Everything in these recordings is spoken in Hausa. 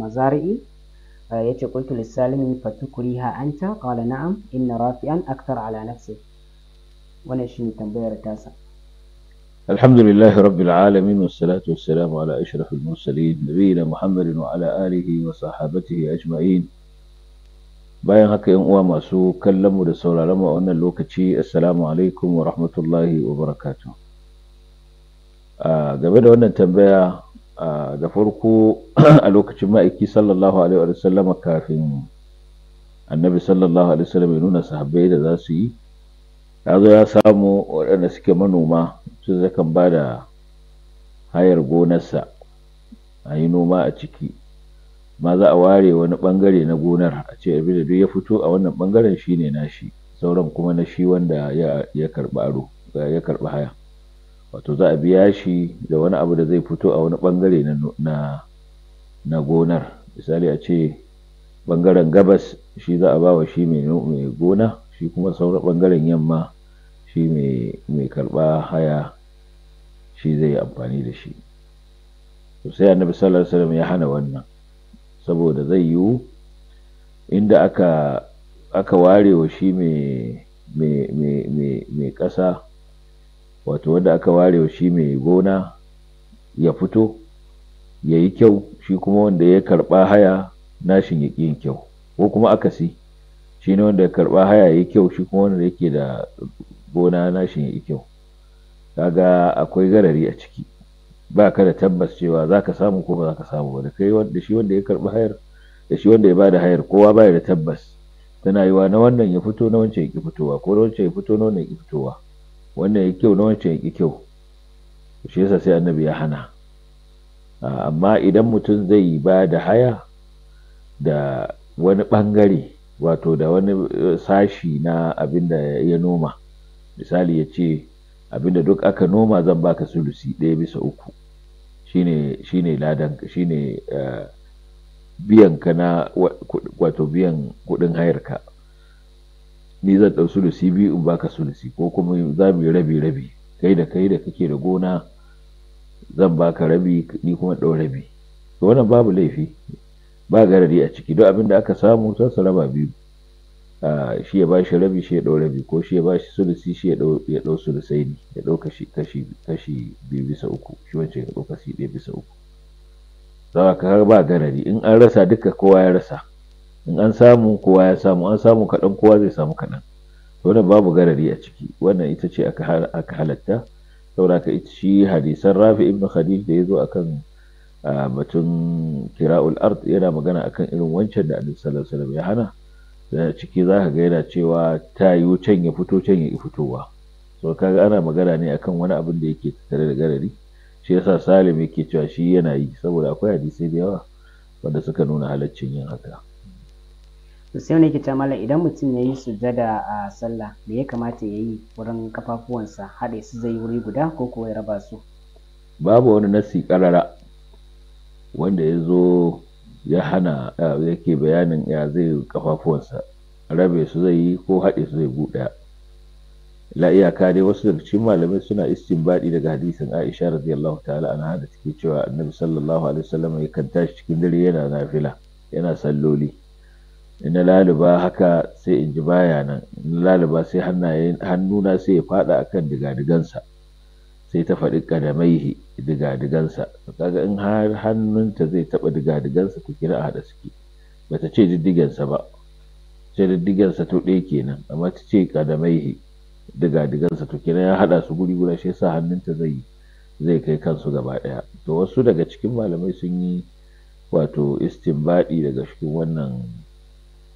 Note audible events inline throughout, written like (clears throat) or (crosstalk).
Mazari'i مزارعي eh, yace qultu lissalimi fatukriha anta qala na'am inna rafi'an akthar ala nafsi wannan shine tambayar tasa alhamdulillahi rabbil alamin Wa wassalamu ala ashrafil mursalin nabiyina muhammadin wa ala alihi wa sahabatihi ajma'in bayan haka yan uwa masu kallon mu da sauraron mu a wannan lokaci assalamu alaikum wa rahmatullahi wa barakatuh ah, game da wannan tambaya da farko (clears throat) a lokacin ma'aiki sallallahu alaihi wa sallama kafin annabi sallallahu alaihi wa sallam ya nuna sahabbai da za su yi ya zo ya samu waɗanda suke manoma su zakan ba da hayar gonarsa a yi noma a ciki ma za a ware wani ɓangare na gonar a ce abin da duk ya fito a wannan ɓangaren shi na nashi sauran kuma na shi wanda ya karɓi ya karɓi haya wato za a biya shi da wani abu da zai fito a wani bangare na gonar misali a ce bangaren gabas shi za a bawa shi mai gona shi kuma sauran bangaren yamma shi mai karba haya shi zai yi amfani da shi sosai sai annabi sallar salam ya hana wannan saboda zai yiwu inda aka aka ware wa shi mai ƙasa wato wanda aka ware shi mai gona ya fito ya yi kyau shi kuma wanda ya karɓa haya nashin ya yin kyau ko kuma akasi shi ne wanda ya karɓa haya ya yi kyau shi kuma wanda yake da gona nashin ya yi kyau kaga akwai garari a ciki ba ka da tabbas cewa za ka samu ko ba za ka samu ba da kai da shi wanda ya karɓi hayar da shi wanda ya bada hayar kowa baya da tabbas tana yiwa na wannan ya fito na wancan ya ki fitowa ko na wancan ya fito na wannan ya ki fitowa wannan ya kyau na wancan ya ƙi kyau shi yasa sai annabi ya hana amma idan mutum zai ba da haya da wani bangare wato da wani eh, sashi na abin da ya noma misali ya ce abin da duk aka noma zan baka sulusi ɗaya bisa uku shine ne ladan ne eh, biyan ka na wato biyan kuɗin hayarka ni zan ɗau sulusi biyu in baka sulusi ko kuma za mu yi rabi rabi kai da kai da kake da gona zan baka rabi ni kuma ɗau rabi to wannan babu laifi ba garari a ciki duk abin da aka samu sai su raba biyu shi ya bashi rabi shi ya ɗau rabi ko shi ya bashi sulusi shi ya ɗau sai ne ya ɗau kashi kashi kashi biyu bisa uku shi wancan ya ɗau kashi ɗaya bisa uku za ka ba garari in an rasa duka kowa ya rasa in an samu kowa ya samu an samu kaɗan kowa zai samu kaɗan wannan babu garari a ciki wannan ita ce aka halatta saboda ka ita shi hadisan rafi ibn khadij da ya zo akan batun kira'ul Art yana magana akan irin wancan da annabi sallallahu alaihi wasallam ya hana da ciki za ka ga yana cewa ta yiwu can ya fito can ya fitowa so kaga ana magana ne akan wani abin da yake tare da garari shi yasa salim yake cewa shi yana yi saboda akwai hadisai da yawa wanda suka nuna halaccin yin haka to sai wani yake cewa idan mutum ya yi sujada a sallah me ya kamata ya yi wurin kafafuwansa haɗe su zai wuri guda ko kuwa ya raba su babu wani nasi karara wanda ya zo ya hana yake bayanin ya zai kafafuwansa rabe su zai yi ko haɗe su zai buɗe la iyaka dai wasu daga cikin malamai suna iskin baɗi daga hadisin Aisha radiyallahu ta'ala anha da take cewa Annabi sallallahu alaihi wasallam yakan tashi cikin dare yana nafila yana salloli na laluba haka sai in ji baya nan na laluba sai hannuna sai ya fada akan digadigansa sai ta faɗi kadamaihi digadigansa kaga in har hannunta zai taɓa digadigansa ta kira a suke suke bata ce diddigensa ba ce diddigensa to ɗaya kenan amma ta ce kadamaihi digadigansa to kenan ya haɗa su guri guda shi sa hannunta zai zai kai kansu gaba ɗaya to wasu daga cikin malamai sun yi wato istinbadi daga cikin wannan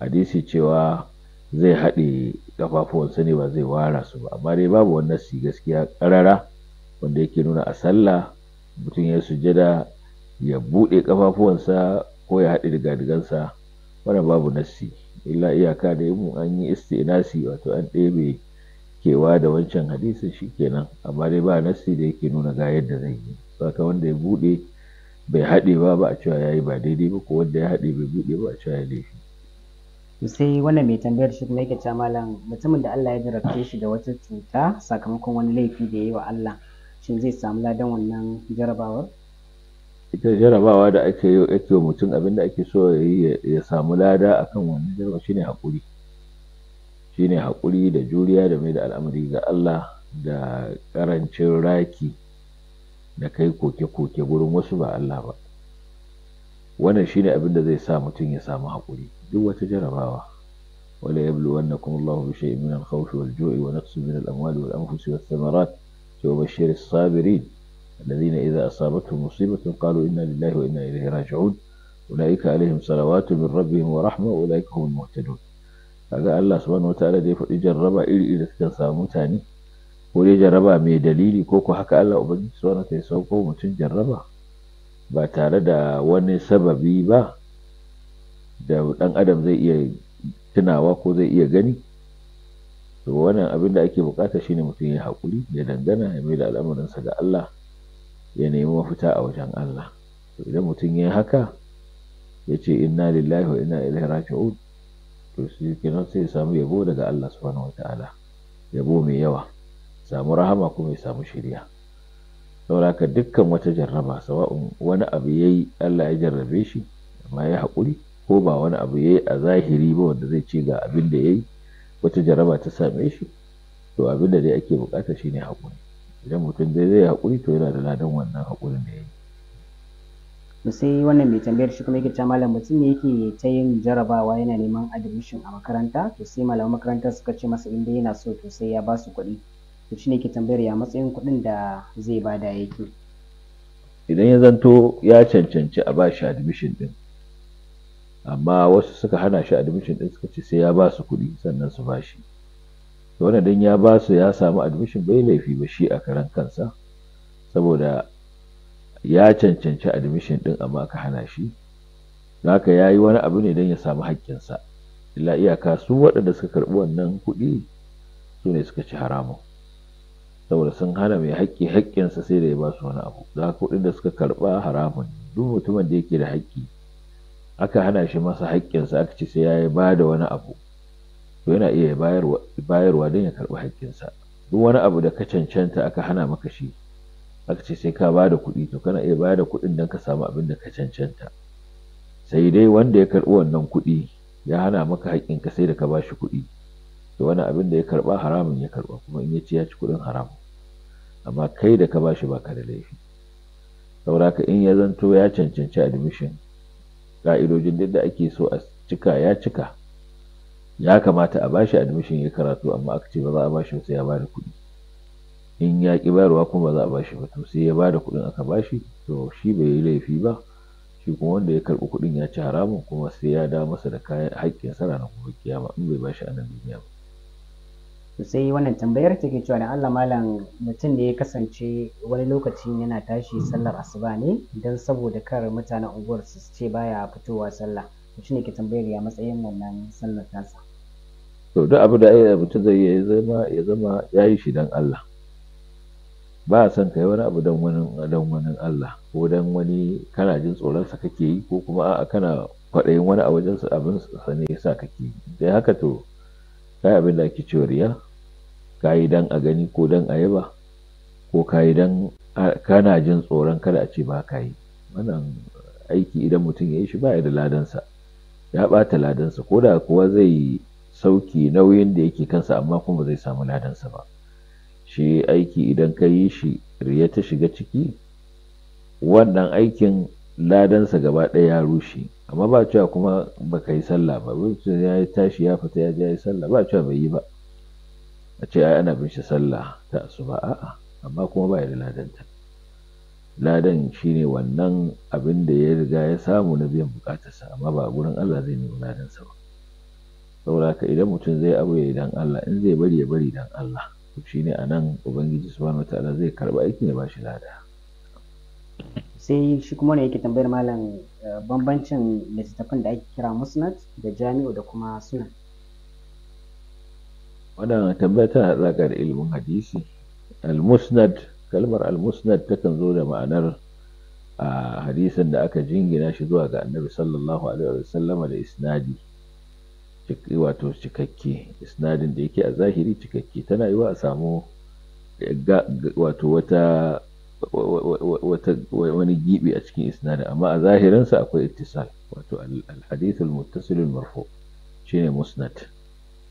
hadisi cewa zai haɗe kafafuwansa ne ba zai wara su ba amma dai babu wannan si gaskiya ƙarara wanda yake nuna a sallah mutum ya sujada ya buɗe kafafuwansa ko ya haɗe sa. wannan babu nassi illa iyaka da mu an yi istinasi wato an ɗebe kewa da wancan hadisi shi kenan. amma dai ba nassi da yake nuna ga yadda zai yi saka wanda ya buɗe bai haɗe ba ba a cewa yayi ba daidai ba ko wanda ya haɗe bai buɗe ba a cewa ya laifi sai wannan mai tambayar shi kuma yake cewa malam mutumin da Allah ya jarabce shi da wata cuta sakamakon wani laifi da yayi wa Allah shin zai samu ladan wannan jarabawar ita jarabawa da ake yi ake wa mutum abin da ake so ya ya samu lada akan wannan jarabawa shine hakuri shine hakuri da juriya da mai da al'amari ga Allah da karancin raki da kai koke-koke gurin wasu ba Allah ba wannan shine abin da zai sa mutum ya samu hakuri جوة جرباوة وليبلونكم الله بشيء من الخوف والجوع ونقص من الأموال والأنفس والثمرات وبشر الصابرين الذين إذا أصابتهم مصيبة قالوا إنا لله وإنا إليه راجعون أولئك عليهم صلوات من ربهم ورحمة وأولئك هم المهتدون kaga الله سبحانه وتعالى da ya إلى jarraba iri iri da suka samu mutane ko dai jarraba mai dalili ko ko haka Allah ubangiji subhanahu da ɗan adam zai iya tunawa ko zai iya gani to wannan abin da ake bukata shine mutum ya haƙuri ya dangana ya mai da al'amuransa ga Allah ya nemi mafita a wajen Allah to idan mutum ya haka ya ce inna lillahi wa inna ilaihi raji'un to shi kenan sai ya samu yabo daga Allah subhanahu ta'ala, yabo mai yawa samu rahama kuma ya samu shiriya saboda dukkan wata jarraba sawa'un wani abu yayi Allah ya jarrabe shi amma ya hakuri. ko ba wani abu yayi a zahiri ba wanda zai ce ga abin da yayi wata jaraba ta same shi to abin da dai ake bukata shine hakuri idan mutum dai zai hakuri to yana da ladan wannan hakurin da yayi to sai wannan mai tambayar shi kuma yake cewa malam mutum ne yake ta yin jarabawa yana neman admission a makaranta to sai malaman makarantar suka ce masa inda yana so to sai ya ba su kuɗi to shine yake tambayar ya matsayin kuɗin da zai bada yake idan ya zanto ya cancanci a ba shi admission din amma wasu suka hana shi admission din suka ce sai ya ba su kuɗi sannan su ba shi to wannan dan ya ba su ya samu admission bai laifi ba shi a karan kansa saboda ya cancanci admission din amma ka hana shi haka ya yi wani abu ne don ya samu haƙƙinsa illa iyaka su waɗanda suka karɓi wannan kuɗi su ne suka ci haramun saboda sun hana mai haƙƙi haƙƙinsa sai da ya ba su wani abu za kuɗin da suka karɓa haramun duk mutumin da yake da haƙƙi aka hana shi masa haƙƙinsa aka ce sai ya ba da wani abu to yana iya bayarwa don ya karɓi haƙƙinsa duk wani abu da ka cancanta aka hana maka shi aka ce sai ka ba da kuɗi to kana iya bayar da kuɗin don ka samu abin da ka cancanta sai dai wanda ya karɓi wannan kuɗi ya hana maka haƙƙinka sai da ka ba shi kuɗi to wani abin da ya karɓa haramun ya karɓa kuma in ya ci ya ci kuɗin haramun amma kai da ka ba shi ba ka da laifi saboda in ya zanto ya cancanci admission ka'idojin din da ake so a cika ya cika ya kamata a bashi admission ya karatu amma aka ce ba za a bashi ba sai ya bada kuɗi in ya ki bayarwa kuma ba za a bashi ba to sai ya bada kuɗin aka bashi to shi bai yi laifi ba shi kuma wanda ya karɓi kuɗin ya ci haramun kuma sai ya da masa da kayan haƙƙin sa ranar kuma kiyama in bai bashi a nan duniya ba to sai wannan tambayar take cewa da Allah malam mutum da ya kasance wani lokaci yana tashi sallar asuba ne don saboda kar mutanen unguwar su ce baya fitowa sallah to shine ke tambayar ya matsayin wannan sallar tasa to duk abu da ya mutum zai ya zama ya zama yayi shi dan Allah ba a son kai wani abu don wani dan wani Allah ko dan wani kana jin tsoron sa kake yi ko kuma a'a kana kwaɗayin wani a wajen abin sa ne yasa kake yi dai haka to kai abin da ake cewa riya ka yi dan a gani ko dan a yaba ko kayi yi dan kana jin tsoron kada a ce ba ka yi wannan aiki idan mutum ya yi shi ba da ladansa ya ɓata ladansa ko da kuwa zai sauki nauyin da yake kansa amma kuma zai samu ladansa ba shi aiki idan ka yi shi riya ta shiga ciki wannan aikin ladansa gaba ɗaya ya rushe amma ba cewa kuma baka yi sallah ba ya tashi ya fita ya je ya yi sallah ba cewa bai yi ba a ce ai ana bin shi sallah ta asuba a'a amma kuma ba ya da ta ladan shine wannan abin da ya riga ya samu na biyan sa amma ba gurin Allah zai nemi ladansa ba saboda ka idan mutum zai abu ya dan Allah in zai bari ya bari dan Allah to shine anan ubangiji subhanahu wataala zai karba aikin ya bashi lada sai shi kuma ne yake tambayar malam eh, bambancin littattafan da ake kira musnad da jami'u da kuma sunan wannan tambaya tana alaƙa da ilimin hadisi al-musnad kalmar al-musnad takan zo da ma'anar a hadisin da aka jingina shi zuwa ga annabi sallallahu alaihi wa sallama da isnadi wato cikakke isnadin da yake a zahiri cikakke tana yiwa a samu wato wata wani gibi a cikin isnadin amma a zahirinsa akwai ittisal wato al-hadithul muttasilul marfu shine musnad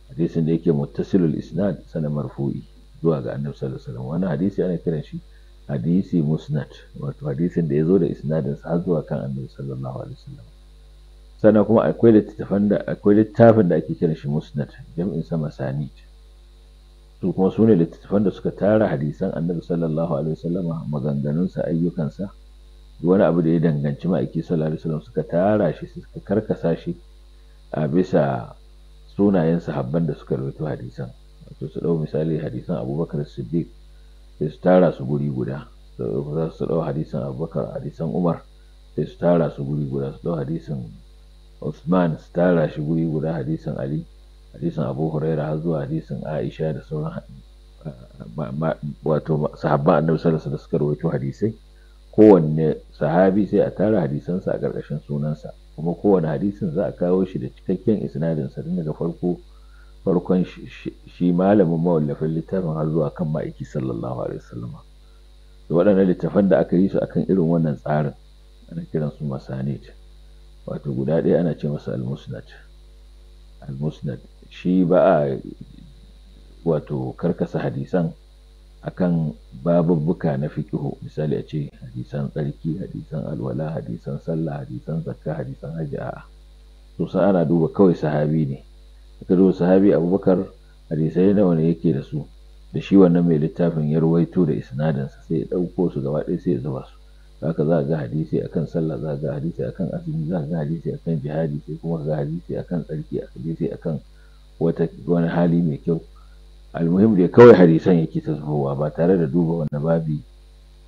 hadisin da yake muttasilul isnad sanan marfu'i zuwa ga annabi sallallahu alaihi wasallam wannan hadisi ana kiran shi hadisi musnad wato hadisin da ya zo da isnadin sa har zuwa kan annabi sallallahu alaihi wasallam sannan kuma akwai littafin da akwai littafin da ake kiran shi musnad jam'in sama sanid To kuma sune littafan da suka tara hadisan annabi sallallahu alaihi wasallama maganganun sa ayyukan sa wani abu da ya danganci ma'aiki sallallahu alaihi wasallam suka tara shi suka karkasa shi a bisa sunayen sahabban da suka rubuta hadisan wato su dau misali hadisan abubakar siddiq sai su tara su guri guda za su dau hadisan abubakar hadisan umar sai su tara su guri guda su dau hadisan usman su tara shi guri guda hadisan ali hadisan abu huraira har zuwa hadisan aisha da sauran wato sahabban annabi sallallahu alaihi da suka rubuta hadisai kowanne sahabi sai a tara hadisansa a ƙarƙashin sunansa kuma kowane hadisin za a kawo shi da cikakken isnadin sa daga farko farkon shi malamin mawallafin littafin har zuwa kan ma'aiki sallallahu alaihi wasallam da waɗannan littafan da aka yi su akan irin wannan tsarin ana kiran su masanid wato guda ɗaya ana ce masa al-musnad shi ba a wato karkasa hadisan akan babubbuka na fiqihu misali a ce hadisan tsarki hadisan alwala hadisan sallah hadisan zakka hadisan hajji a'a to sai ana duba kawai sahabi ne ka duba sahabi abubakar hadisai nawa ne yake da su da shi wannan mai littafin ya ruwaito da isnadinsa sai ya dauko su gaba ɗaya sai ya zuba su haka za ga hadisi akan sallah za ga hadisi akan azumi za ga hadisi akan jihadi sai kuma ga hadisi akan tsarki hadisi akan wata wani hali mai kyau almuhim dai kawai hadisan yake ta ba tare da duba wani babi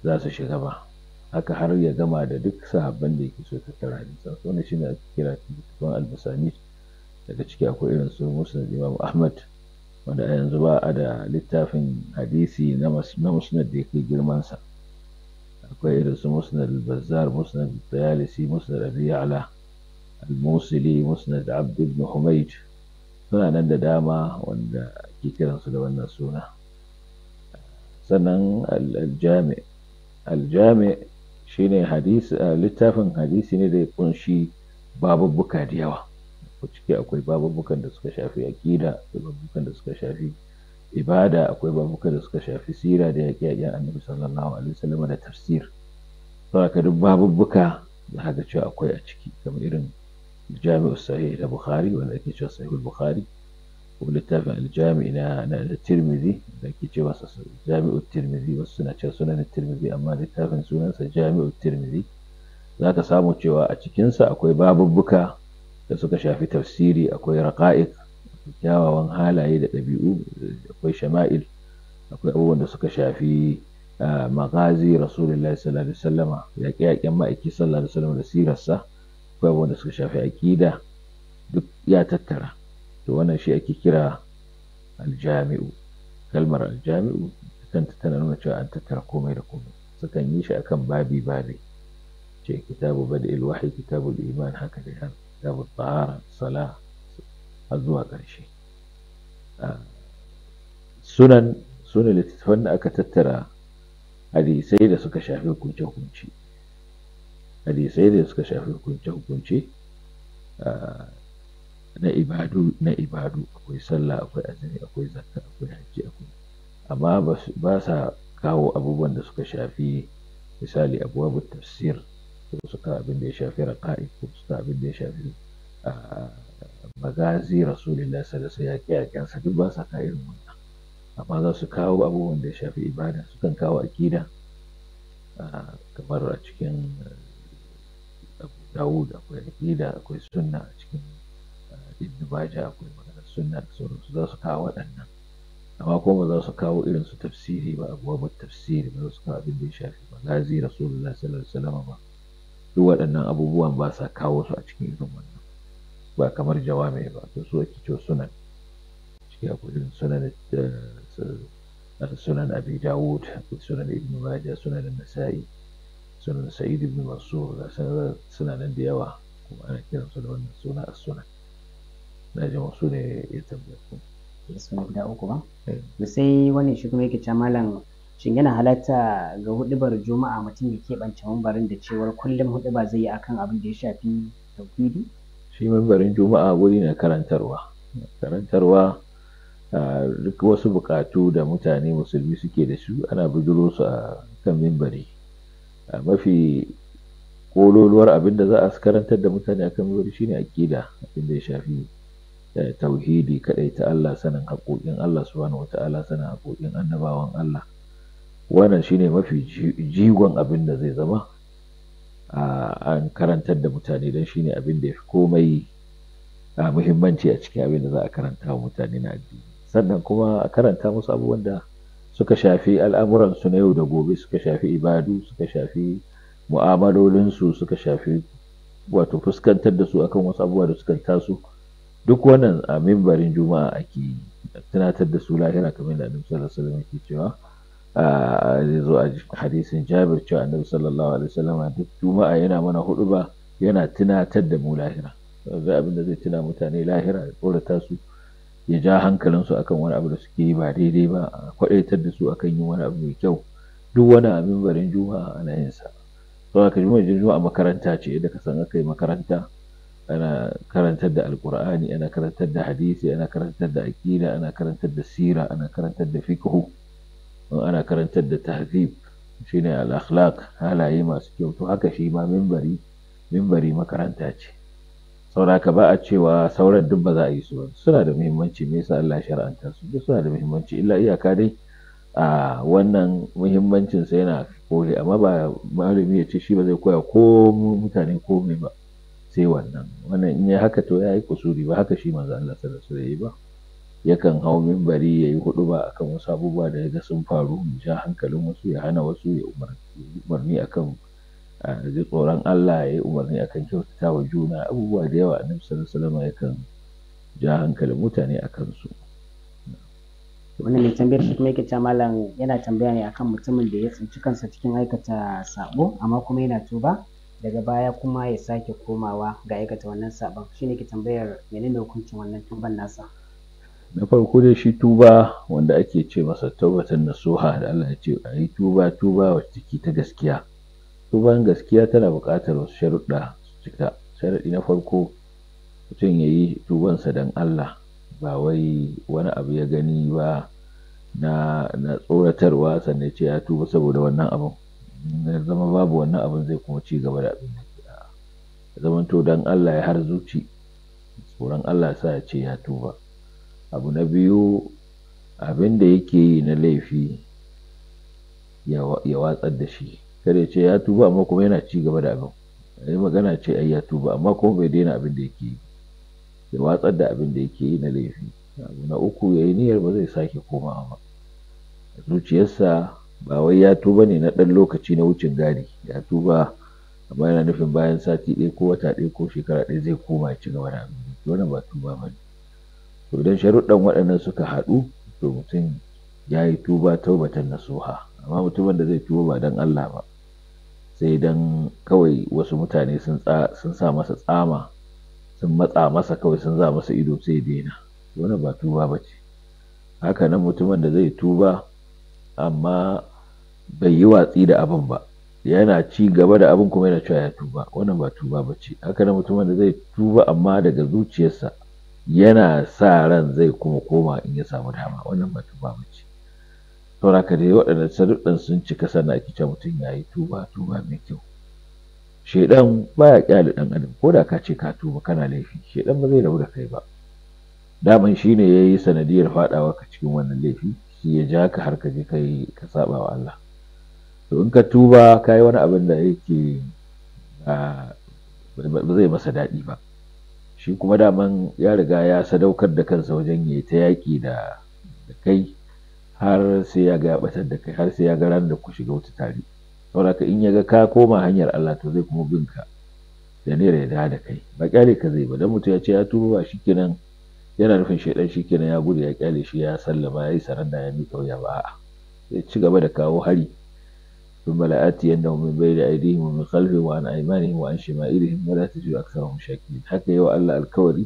za su shiga ba haka har ya gama da duk sahabban da yake so ta tara hadisan su ne shine ake kira cikin albasani daga ciki akwai irin su musnad imam ahmad wanda a yanzu ba a da littafin hadisi na musnad da yake girmansa akwai irin su musnad bazzar musnad al-tayalisi musnad abi ala al-musili musnad abd ibn humayd suna nan da dama wanda ke kiransu da wannan suna sannan aljami aljami shi ne littafin hadisi ne da ya kunshi babubbuka da yawa ko ciki akwai babubbukan da suka shafi aƙida akwai babubbukan da suka shafi ibada akwai babubbukan da suka shafi sira da yaƙi-yaƙin annabi sallallahu alaihi wasallam da tafsir saboda duk babubbuka da haka cewa akwai a ciki kamar irin jami'u sahih na bukhari wanda ake cewa sahihul bukhari littafin aljami na na tirmidhi da ake cewa jami'u tirmidhi wasu suna cewa sunan tirmidhi amma littafin sunansa jami'u tirmidhi za ka samu cewa a cikinsa akwai babu buka da suka shafi tafsiri akwai raqa'iq kyawawan halaye da ɗabi'u akwai shama'il akwai abubuwan da suka shafi magazi rasulullahi sallallahu alaihi wasallama yaƙe-yaƙen ma'aiki sallallahu alaihi da sirarsa akwai abubuwan suka shafi aƙida duk ya tattara to wannan shi ake kira aljami'u kalmar aljami'u kanta tana nuna cewa an tattara komai da komai sukan yi shi akan babi babi ce kitabu bada'il wahyi kitabu iman haka da yan kitabu tsara sala har zuwa ƙarshe sunan sunan littattafan da aka tattara hadisai da suka shafi kunce-kunce hadisai da suka shafi hukunce-hukunce na ibadu na ibadu akwai sallah akwai azumi akwai zakka akwai hajji akwai amma ba sa kawo abubuwan da suka shafi misali abubuwan tafsir ko suka abin da ya shafi raka'i ko suka abin da ya shafi magazi rasulullah sallallahu alaihi wasallam ya duk ba sa ka irin wannan amma za su kawo abubuwan da ya shafi ibada sukan kawo akida kamar a cikin Dawud akwai aƙida akwai sunna a cikin eh, Ibn Baja, akwai maganar sunna da sauransu za su kawo waɗannan amma kuma ba za su kawo irin su tafsiri ba abubuwan tafsiri ba za su kawo abin da ya shafi magazi rasulullah sallallahu alaihi ba duk waɗannan abubuwan ba sa kawo su a cikin irin wannan ba kamar jawami ba to su ake cewa sunan ciki akwai irin sunan eh, sunan abi dawud sunan ibn Baja, sunan nasa'i sunan sa'id ibn mansur da suna nan da yawa kuma ana kiransu da wannan suna a sunan na ji wasu ne ya ku su ne guda uku ba to sai wani shi kuma yake malam shin yana halatta ga hudubar juma'a mutum ya keɓance mambarin da cewar kullum hudubar zai yi akan abin da ya shafi tauhidi shi mambarin juma'a wuri na karantarwa karantarwa duk wasu bukatu da mutane musulmi suke da su ana bujuro a kan mimbari mafi kololuwar abin da za a karantar da mutane akan ne shine aƙida abin da ya shafi eh, tauhidi kadai ta Allah sanin haƙoƙin Allah subhanahu Allah sanin haƙoƙin annabawan Allah wannan shine mafi jigon abin da zai zama an karantar da mutane don shine abin da ya fi komai muhimmanci a cikin abin da za a karanta wa mutane na addini sannan kuma a karanta musu abubuwan da suka shafi al'amuransu na yau da gobe suka shafi ibadu suka shafi mu'amalolinsu suka shafi wato fuskantar da su akan wasu abubuwa da suka taso duk wannan a mimbarin juma'a ake tunatar da su lahira kamar da annabi sallallahu alaihi wasallam ke cewa a zo a hadisin jabir cewa annabi sallallahu alaihi wasallam duk juma'a yana mana huduba yana tunatar da mu lahira yanzu abin da zai tuna mutane lahira ya tsorata su ya ja hankalinsu akan wani abu da suke yi ba daidai ba a kwadaitar da su akan yin wani abu mai kyau duk wani abin barin juma'a ana yin sa to haka juma juma'a makaranta ce da ka san aka yi makaranta ana karantar da alkur'ani ana karantar da hadisi ana karantar da aqida ana karantar da sira ana karantar da fiqhu ana karantar da tahzib shine al-akhlaq halaye masu kyau to haka shi ma minbari minbari makaranta ce sauraka ba a cewa sauran duk ba za a yi su ba suna da muhimmanci me yasa Allah shar'anta su duk suna da muhimmanci illa iyaka dai a wannan muhimmancin sa yana kore amma ba malami ya ce shi ba zai koya ko mutane ko me ba sai wannan wannan in ya haka to ya yi kusuri ba haka shi manzo Allah sallallahu alaihi wasallam ba yakan hau mimbari ya yi hudu ba akan wasu abubuwa da ya ga sun faru ja hankalin wasu ya hana wasu ya umarni akan ji tsoron Allah ya yi umarni akan kyautata wa juna abubuwa da yawa annabi sallallahu alaihi wasallam yakan ja hankalin mutane a kansu wannan mai tambayar shi kuma yake ta malam yana tambaya ne akan mutumin da ya tsinci kansa cikin aikata sabo amma kuma yana tuba daga baya kuma ya sake komawa ga aikata wannan sabon ne ke tambayar menene hukuncin wannan tuban nasa na farko dai shi tuba wanda ake ce masa tabbatar nasuha da Allah ya ce a yi tuba tuba wacce take ta gaskiya tuban gaskiya tana buƙatar wasu sharuɗa cika sharaɗi na farko mutum ya yi tubansa don Allah ba wai wani abu ya gani ba na na tsoratarwa sannan ce ya tuba saboda wannan abun na zama babu wannan abun zai kuma ci gaba da abin da ya to don Allah ya har zuci tsoron Allah sa ya ce ya tuba abu na biyu abin da yake yi na laifi ya watsar da shi kada ce ya tuba amma kuma yana ci gaba da abin yi magana ce ai ya tuba amma kuma bai daina abin da yake yi ya watsar da abin da yake yi na laifi abu na uku ya yi niyyar ba zai sake komawa ba zuciyarsa ba wai ya tuba ne na ɗan lokaci na wucin gadi ya tuba amma yana nufin bayan sati ɗaya ko wata ɗaya ko shekara ɗaya zai koma ya ci gaba da abin da yake ba tuba ba ne to idan sharuɗan waɗannan suka haɗu to mutum ya yi tuba taubatan nasuha amma mutumin da zai tuba ba dan Allah ba sai don kawai wasu mutane sun sa masa tsama sun matsa masa kawai sun za masa ido sai daina wani ba tuba ba ce haka nan mutumin da zai tuba amma bai yi watsi da abin ba yana ci gaba da abin kuma yana cewa ya tuba wannan ba tuba ba ce haka nan mutumin da zai tuba amma daga zuciyarsa yana sa ran zai kuma koma in ya samu dama wannan ba tuba ba ce saura ka dai waɗannan sarɗin sun cika sana ake cewa mutum ya yi tuba tuba mai kyau shaidan baya kyale dan adam ko da ka ce ka tuba kana laifi shaidan ba zai rabu da kai ba daman shine ya yi sanadiyar faɗawa ka cikin wannan laifi shi ya ja ka har ka je kai ka saba wa Allah to in ka tuba kai wani abin da yake ba zai masa daɗi ba shi kuma daman ya riga ya sadaukar da kansa wajen yayi ta yaki da kai har sai ya ga batar da kai har sai ya ga ran da ku shiga wata tare saboda ka in ya ga ka koma hanyar Allah to zai kuma bin ka da nera ya da kai ba kyale ka zai ba dan mutum ya ce ya tuba ba shikenan yana nufin shaidan shikenan ya gudu ya kyale shi ya sallama ya yi saranda ya mika wuya ba a'a sai ci gaba da kawo hari mu bai da ثم mu من بين أيديهم ومن خلفهم وعن أيمانهم وعن شمائلهم ولا تجد أكثرهم haka yau allah alkawari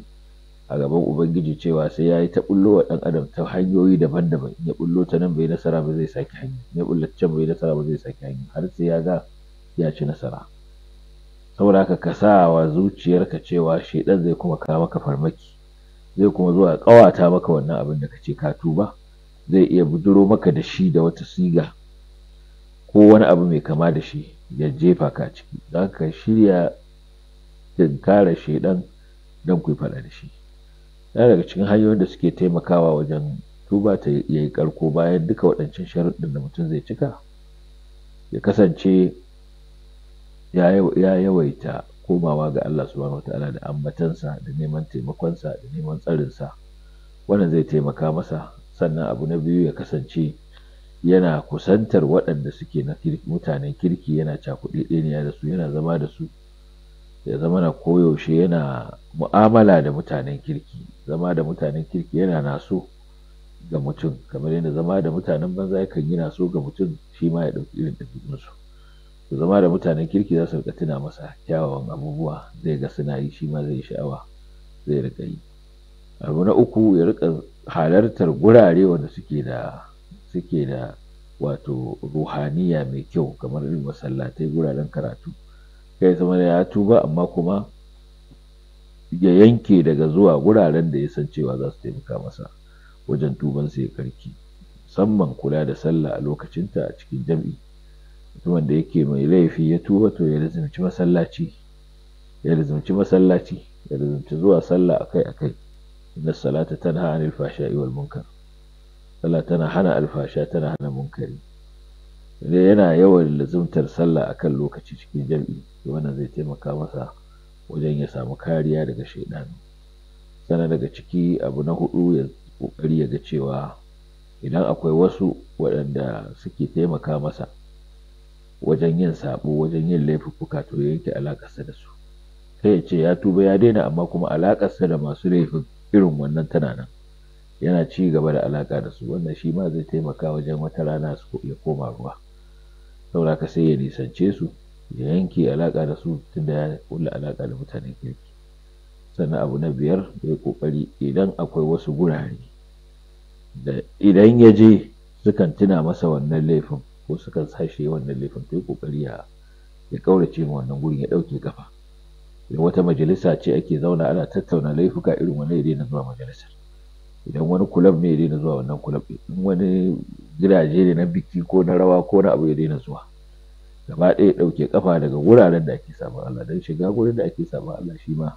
a gaban ubangiji cewa sai ya yi ta bullo wa dan adam ta hanyoyi daban-daban in ya bullo ta nan bai nasara ba zai saki hanya ya bullo ta can bai nasara ba zai saki hanya har sai ya ga ya ci nasara saboda haka ka sa wa zuciyarka cewa shedan zai kuma kawo maka farmaki zai kuma zuwa kawata maka wannan abin da kace ka tuba zai iya buduro maka da shi da wata siga ko wani abu mai kama da shi ya jefa ka ciki za ka shirya tinkara shedan don ku yi faɗa da shi yana daga cikin hanyoyin da suke taimakawa wajen tuba ta yi karko bayan duka waɗancan sharuɗin da mutum zai cika ya kasance ya yawaita komawa ga Allah subhanahu wataala da ambatansa da neman taimakonsa da neman tsarinsa wannan zai taimaka masa sannan abu na biyu ya kasance yana kusantar waɗanda suke na mutanen kirki yana cakuɗeɗeniya da su yana zama da su ya zama na koyaushe yana mu'amala da mutanen kirki zama da mutanen kirki yana so ga mutum kamar yadda zama da mutanen banza ya kan yi so ga mutum shi ma ya ɗauki irin ɗabi'unsu to zama da mutanen kirki za su rika tuna masa kyawawan abubuwa zai ga suna yi shi ma zai sha'awa zai rika yi abu na uku ya rika halartar gurare wanda suke da suke da wato ruhaniya mai kyau kamar irin masallatai guraren karatu kai zama ya tuba amma kuma ya yanke daga zuwa guraren da ya san cewa za su taimaka masa wajen tuban ya karki musamman kula da sallah a lokacinta a cikin jam'i mutumin da yake mai laifi ya tuba to ya rizimci masallaci ya lazimci masallaci ya zuwa sallah akai akai inna salata tanha anil fahsha'i wal munkar sallah tana hana alfasha tana hana munkari yana yawan lazumtar sallah akan lokaci cikin jam'i wannan zai taimaka masa wajen ya samu kariya daga shaidan sannan daga ciki abu na hudu ya kokari ya ga cewa idan akwai wasu waɗanda suke taimaka masa wajen yin sabo wajen yin laifuka to ya yanke alakarsa da su sai ya ce ya tuba ya daina amma kuma sa da masu laifin irin wannan tana nan yana ci gaba da alaka da su wannan shi ma zai taimaka wajen wata rana su ya koma ruwa saboda ka sai ya nisance su ya yanke alaƙa da su da ya kula alaƙa da mutanen kirki sannan abu na biyar da ya kokari ƙoƙari idan akwai wasu gurare da idan ya je sukan tuna masa wannan laifin ko sukan sashe wannan laifin to ya ƙoƙari ya ya ƙaurace ma wannan gurin ya ɗauke kafa idan wata majalisa ce ake zauna ana tattauna laifuka irin wannan ya daina zuwa majalisar idan wani kulab ne ya daina zuwa wannan kulab in wani gidaje ne na biki ko na rawa ko na abu ya daina zuwa gaba ɗaya ya ɗauke ƙafa daga wuraren da ake samun Allah don shiga gurin da ake samun Allah shi ma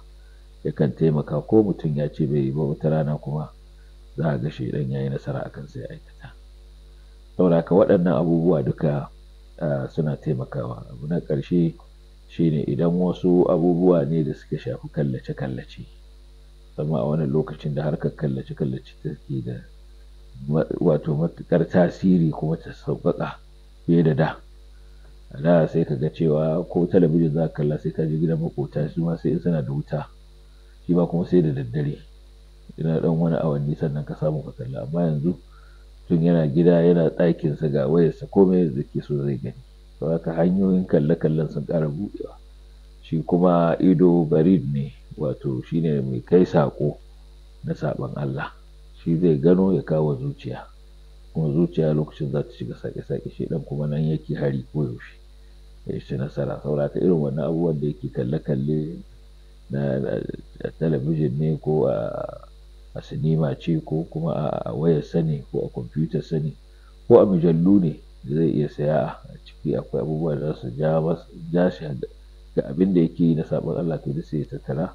yakan taimaka ko mutum ya ce bai yi ba wata rana kuma za a ga shaidan ya yi nasara akan sai aikata saboda ka waɗannan abubuwa duka suna taimakawa abu na ƙarshe shine idan wasu abubuwa ne da suka shafi kallace-kallace sama a wani lokacin da harkar kallace-kallace take da wato matuƙar tasiri kuma ta sauƙaƙa fiye da da da sai ka ga cewa ko talabijin za ka kalla sai ka ji gida makota su ma sai in suna da wuta shi ba kuma sai da daddare ina dan wani awanni sannan ka samu ka kalla amma yanzu tun yana gida yana ɗakinsa ga wayarsa komai da ke so zai gani saboda ka hanyoyin kalle-kallen sun ƙara buɗewa shi kuma ido barid ne wato shine mai kai sako na saɓon Allah shi zai gano ya kawo zuciya kuma zuciya lokacin za ta shiga sake-sake shi dan kuma nan yake hari yaushe ya ci nasara saboda irin wannan abubuwan da yake kalle-kalle na talabijin ne ko a sinima ce ko kuma a wayar sani ko a kwamfuta sani ko a mujallu ne da zai iya saya a ciki akwai abubuwa da su ja shi ga abin da yake yi na sabon Allah to sai ya tattara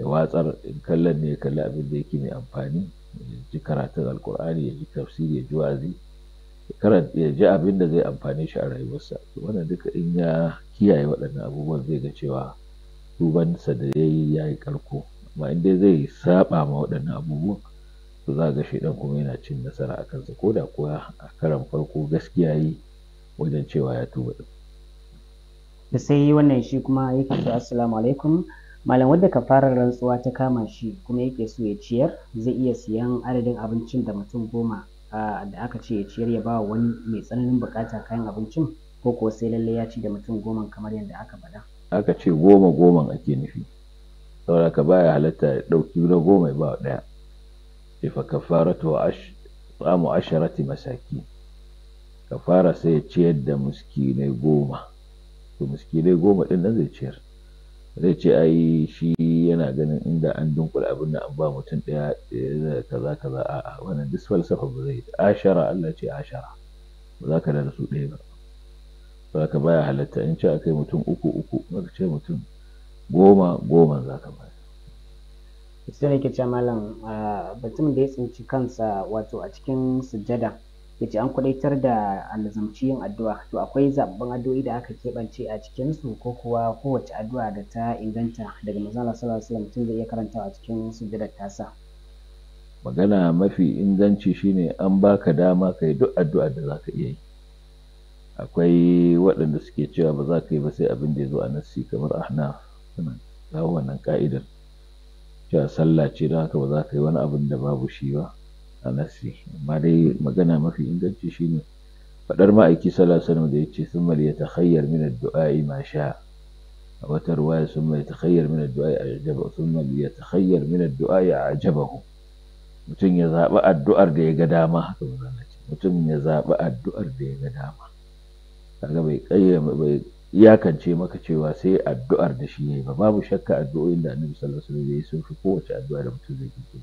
ya watsar in kallon ne ya kalli abin da yake mai amfani ji karatun alkur'ani ya ji tafsiri ya ji wazi ya ji abin da zai amfani shi a rayuwarsa wannan duka in ya kiyaye waɗannan abubuwan zai ga cewa dubansa da ya yi ya yi karko amma in dai zai saba ma waɗannan abubuwan to za ga shaidan kuma yana cin nasara a kansa ko da kuwa a karan farko gaskiya yi wajen cewa ya tuba ɗin. da sai wannan shi kuma kasu assalamu alaikum malam wadda kafarar rantsuwa ta kama shi kuma yake so ya ciyar zai iya siyan adadin abincin da mutum goma da aka ce ya ciyar ya ba wani mai tsananin bukata kayan abincin ko kuwa sai lallai ya ci da mutum goma kamar yadda aka faɗa. aka ce goma goman ake nufi saboda ka baya halatta ya ɗauki na goma ya ba ɗaya ifa kafaratu amu asharati masaki kafara sai ya ciyar da muskinai goma to muskinai goma ɗin nan zai ciyar zai ce ai shi yana ganin inda an dunkula abin da an ba mutum ɗaya kaza kaza a wannan duk falsafa ba zai ashara Allah ce ashara ba za ka da su ɗaya ba ba ka baya halatta in ce akai mutum uku uku ba ka ce mutum goma goma za ka baya sai ne ke ce malam ah, batun da ya tsinci kansa wato a cikin sujjada ya ce an kwadaitar da alzamci yin addu'a to akwai zaɓaɓɓen addu'o'i da aka keɓance a cikin su ko kuwa kowace addu'a da ta inganta daga manzon Allah sallallahu alaihi wasallam zai iya karantawa a cikin sujjadar tasa magana mafi inganci shine an baka dama kai duk addu'a da zaka iya yi akwai waɗanda suke cewa ba za ka yi ba sai abin da ya zo a nassi kamar ahna suna kawo wannan ka'idar cewa sallah ce don haka ba za ka yi wani abin da babu shi ba a nasi amma dai magana mafi inganci shine fadar ma'aiki sallallahu alaihi da yace summa ya takhayyar min ad-du'a'i ma sha a wata ruwaya summa ya takhayyar min ad-du'a'i ajaba summa ya takhayyar min ad-du'a'i ajabahu mutum ya zaɓi addu'ar da ya ga dama haka ce. mutum ya zaɓi addu'ar da ya ga dama kaga bai bai iyakance maka cewa sai addu'ar da shi yayi ba babu shakka addu'o'in da annabi sallallahu alaihi wasallam ya yi sun fi kowace addu'a da mutum zai yi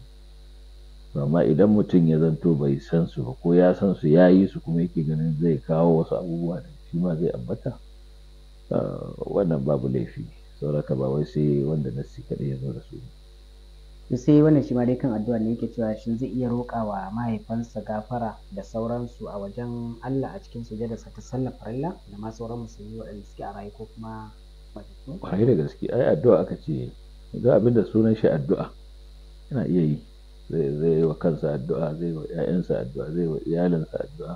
amma idan mutum ya zanto bai san su ba ko ya san su ya yi su kuma yake ganin zai kawo wasu abubuwa da shi ma zai ambata ah, wannan babu laifi sauraka ba wai sai wanda nassi kaɗai ya zo da su to sai wannan shi ma dai kan addu'a ne yake cewa shin zai iya wa mahaifansa gafara da sauransu a wajen Allah a cikin sujadarsa ta sallar farilla da ma sauran musulmi waɗanda suke a rayuwa ko kuma ba da gaske ai addu'a aka ce ga abin da sunan shi addu'a yana iya yi zai yi wa kansa addu'a zai wa 'ya'yansa addu'a zai wa iyalinsa addu'a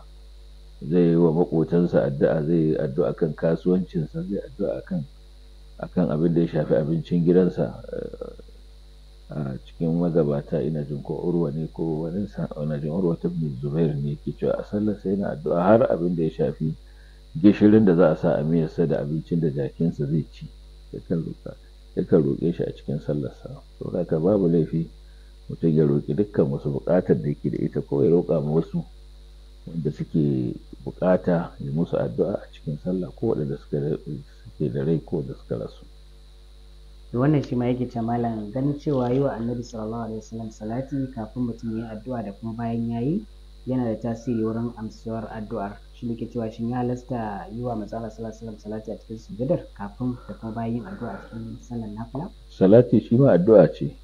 zai yi wa maƙotansa addu'a zai yi addu'a kan kasuwancinsa zai addu'a kan akan abin da ya shafi abincin gidansa a cikin magabata ina jin ko urwa ne ko wani ina jin urwa ta zubair ne ke cewa a sallar sai na addu'a har abin da ya shafi gishirin da za a sa a miyarsa da abincin da jakinsa zai ci ya kan roƙe shi a cikin sallarsa to haka babu laifi mutum ya roƙi dukkan wasu buƙatar da yake da ita ko ya roƙa ma wasu wanda suke buƙata ya musu addu'a a cikin sallah ko waɗanda suke da rai ko da suka rasu Da wannan shi ma yake ce malam ganin cewa yi wa annabi sallallahu alaihi wasallam salati kafin mutum ya yi addu'a da kuma bayan ya yi yana da tasiri wurin amsuwar addu'ar shi ne ke cewa shin ya halasta yi wa manzala sallallahu salati a cikin sujadar kafin da kuma bayan yin addu'a a cikin sallar nafila salati shi ma addu'a ce